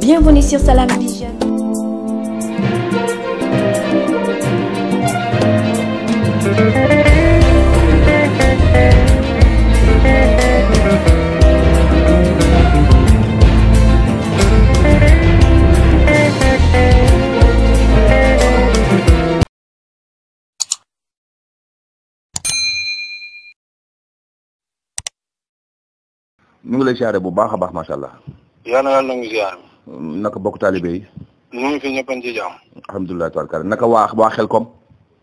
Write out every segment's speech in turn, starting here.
Bienvenue sur Salam Vision. ñu ngi lay siyaare bu baax a baax macha allah. yàlla na yàlla nangu siyaare. naka bokk taalibe yi. ñu ngi fi ñëppan ci jàmm. alhamdulilah naka waa waa Xelkom.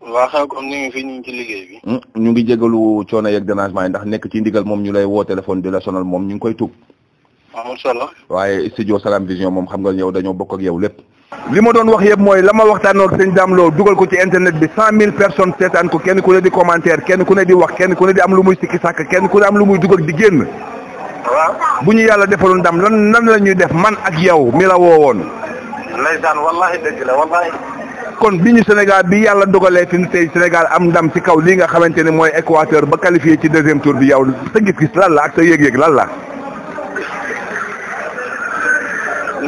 waa Xelkom ñu ngi fi ñu ngi ci liggéey bi. Hmm? coono yeeg dérangement yi ndax nekk ci ndigal moom ñu lay woo téléphone di la sonal moom ñu ngi koy tuub. amul solo. waaye studio Salam Vision moom xam nga yow dañoo bokk ak yow lépp. li ma doon wax yëpp mooy la ma waxtaanoon sëñ Dame Lo dugal ko ci internet bi cent mille personnes seetaan ko kenn ku ne di commentaire kenn ku ne di wax kenn ku ne di am lu muy sikki sàkk kenn ku ne am lu muy dugal di génn. bu ñu yàlla defalu ndam lan nan la ñuy def man ak yow mi la woowoon. ndeysaan wallaahi dëgg la wallaahi. kon bi ñu Sénégal bi yàlla dogalee fi tey Sénégal am ndam ci kaw lii nga xamante ne mooy Équateur ba qualifié ci deuxième tour bi yow sa gis-gis lan la ak sa yëg-yëg lan la.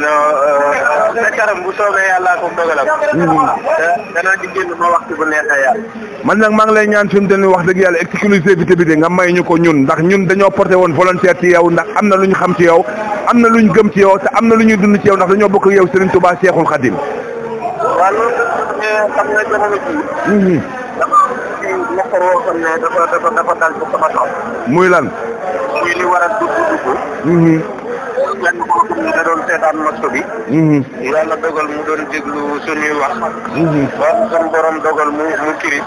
Euh, sa bu soobee yàlla ko dogalam. te mm-hmm. dana ci génn ma man nag maa ngi lay ñaan fi mu wax dëgg yàlla exclusivité bi de nga may ñu ko ñun ndax ñun dañoo porté woon volontaire ci yow ndax am na lu ñu xam ci yow am na lu ñu gëm ci yow te am na lu ñuy dund ci yow ndax dañoo bokk yow Serigne Touba Cheikhoul Khadim. waaw loolu xam mm-hmm. muy lan. muy li war a dugg dugg. Mm-hmm. kenn koo xam ne da doon seetaan mosto bi. Mhm. yàlla dogal mu doon déglu suñuy wax. Mhm. ba suñu borom dogal mu mu kiri.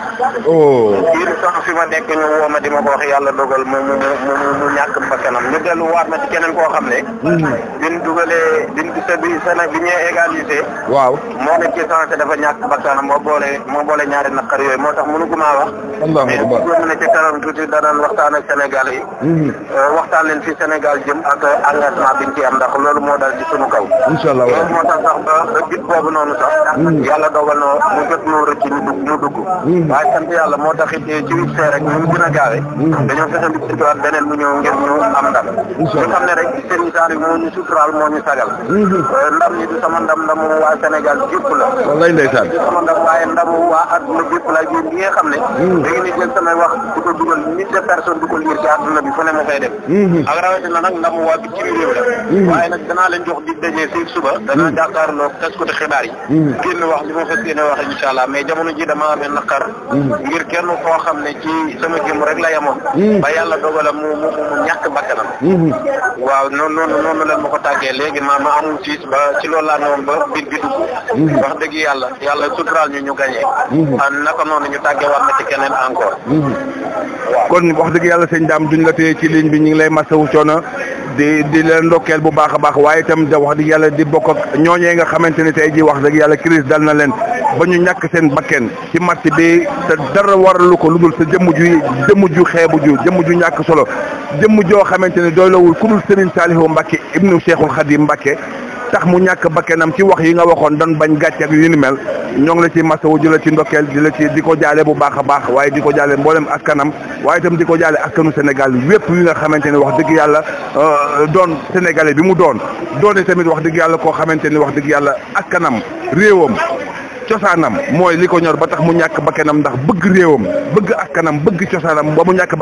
biir oh. sax fi ma nekk ñu woo ma di ma ko wax yàlla dogal mu mu mu mu ñàkk ba kanam ñu delluwaat na ci keneen koo xam ne. Mhm. biñ dugalee biñ gis bi Sénégal bi ñuy égalisé. waaw moo ne ci sensé dafa ñàkk ba kanam moo boole moo boole ñaari naqar moo tax mënu ko maa wax. alhamdulilah mais duggoon na ci kanam tuuti danaan waxtaan ak Sénégal yi. Euh, waxtaan leen fi Sénégal jëm ci am ndax loolu moo dal ci sunu kaw. incha allah waaw loolu moo tax sax ba ba gis boobu noonu sax. Hmm. yàlla dogal na mu jot ñu rëcc ñu dugg ñu dugg. Hmm. waaye sant yàlla moo tax it ci wut see rek ñu mu gën a gaawee. Hmm. dañoo fexe di situwaat suturaal moo ñu sagal. Euh, ndam yi sama ndam ndamu waa Sénégal gépp la. wallaay ndeysaan du sama ndam waaye ndamu waa adduna gépp la yéen ñi nga xam ne. da ngeen di jël samay wax di ko dugal nit de personne di ko liir ci adduna bi fu ne ma fay def. ak rawatina nag ndamu waa bi ci réew la Mhm. waaye nag danaa leen jox dig daje si suba mhm. danaa jàkkaarloo taskati xibaar yi mhm. génn wax li ma fas yéene wax incha allah mais jamono ji dama amee naqar ngir kenn koo xam ne ci sama jëm rek la yamoon ba yàlla dogala mu mu mu ñàkk bakkanam waaw noonu noonu noonu leen ma ko tàggee léegi ma ma amul tiis ba ci loolu laa noonu ba biir bi dugg wax dëgg yàlla yàlla suturaal ñu ñu gañee naka noonu ñu tàggee war na ci keneen encore waaw kon wax dëgg yàlla sëñ daam duñ la téye ci bi ñu ngi lay masawu coono di di leen ndokkeel bu baax a baax waaye itam da wax dëgg yàlla di bokk ak ñooñee nga xamante ni tey jii wax dëgg yàlla crise dal na leen ba ñu ñàkk seen bakken ci match bi te dara waralu ko lu dul sa jëmm ju jëmm ju xeebu ju jëmm ju ñàkk solo jëmm joo xamante ni doylawul ku dul Serigne Saliou Mbacke ibnu Cheikhul Khadim Mbacke tax mu ñàkk bakkanam ci wax yi nga waxoon doon bañ gàcce ak yu ni mel ñoo ngi la ci masawu di la ci ndokkeel di la ci di ko jaale bu baax a baax waaye di ko jaale mboolem askanam waaye itam di ko jaale askanu Sénégal wépp yi nga xamante ni wax dëgg yàlla euh, doon sénégalais bi mu doon doone tamit wax dëgg yàlla koo xamante ni wax dëgg yàlla askanam réewam cosaanam mooy li ko ñor ba tax mu ñàkk bakkanam ndax bëgg réewam bëgg askanam bëgg cosaanam ba mu ñàkk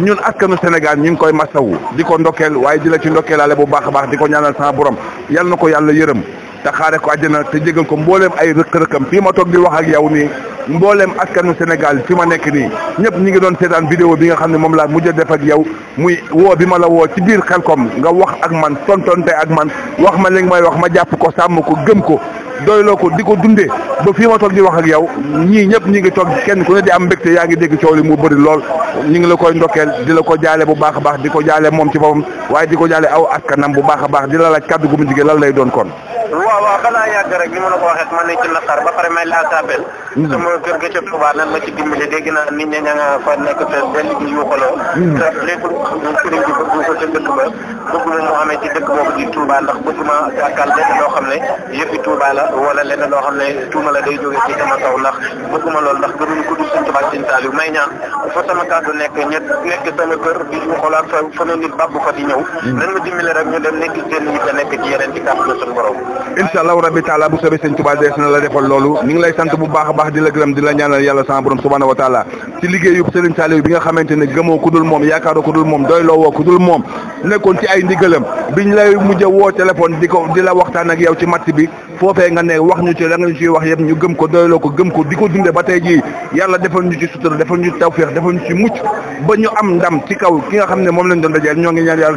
ñun askanu Sénégal ñu ngi koy masawu di ko ndokkeel waaye di la ci ndokkeelaale bu baax a baax di ko ñaanal sama borom yal na ko yàlla yërëm te xaare ko ajana te jégal ko mbooleem ay rëkk-rëkkam fii ma toog di wax ak yow nii mbooleem askanu Sénégal fi ma nekk nii ñëpp ñu ngi doon seetaan vidéo bi nga xam ne moom laa mujj a def ak yow muy woo bi ma la woo ci biir xel koom nga wax ak man tontonte ak man wax ma li may wax ma jàpp ko sàmm ko gëm ko doyloo ko di ko dundee ba fii ma toog di wax ak yow ñii ñëpp ñi ngi toog kenn ku ne di am mbégte yaa ngi dégg coow li mu bari lool ñi ngi la koy ndokkeel di la ko jaale bu baax a baax di ko jaale moom ci boppam waaye di ko jaale aw kanam bu baax a baax di la laaj kàddu gu mu jigéen lan lay doon kon waaw waaw xanaa yàgg rek ni ma la ko waxee ma ne ci naqar ba pare may laa saabel. sama kër ga ca Touba nan ma ci dimbali naa nit ña ña nga fa nekk mm. te yuuxaloo. ko ca ba bëgg mu amee ci dëkk boobu di Touba ndax bëgg ma gàkkal lenn loo xam ne yëppi Touba la wala lenn loo xam ne tuuma la day jógee ci sama kaw ndax bëgg ma loolu ndax gënuñ ko dugg Touba ak Sintaalu may ñaan fa sama kàddu nekk ñett nekk sama kër di yuuxaloo ak fa fa nit bàbb di ñëw. Mm. nan ma dimbali rek ñu dem nekk seen nit a nekk ci yeneen ci kàddu suñu borom incha allahu rabi taala bu soobee sëñ Tuubaa dees na la defal loolu ñu ngi lay sant bu baax a baax di la gërëm di la ñaanal yàlla sama borom subhaanahu wa ci liggéeyu Sëriñ Saliou bi nga xamante ne gëmoo ku dul moom yaakaaroo ku dul moom doy ku dul moom nekkoon ci ay ndigalam biñ lay mujj a woo téléphone di ko di la waxtaan ak yow ci matt bi foofee nga ne wax ñu ci la ñu ciy wax yëpp ñu gëm ko doyloo ko gëm ko di ko dunde ba tey jii yàlla defal ñu ci sutura defal ñu ci tawféex defal ñu ci mucc ba ñu am ndam ci kaw ki nga xam ne moom lañ doon dajeel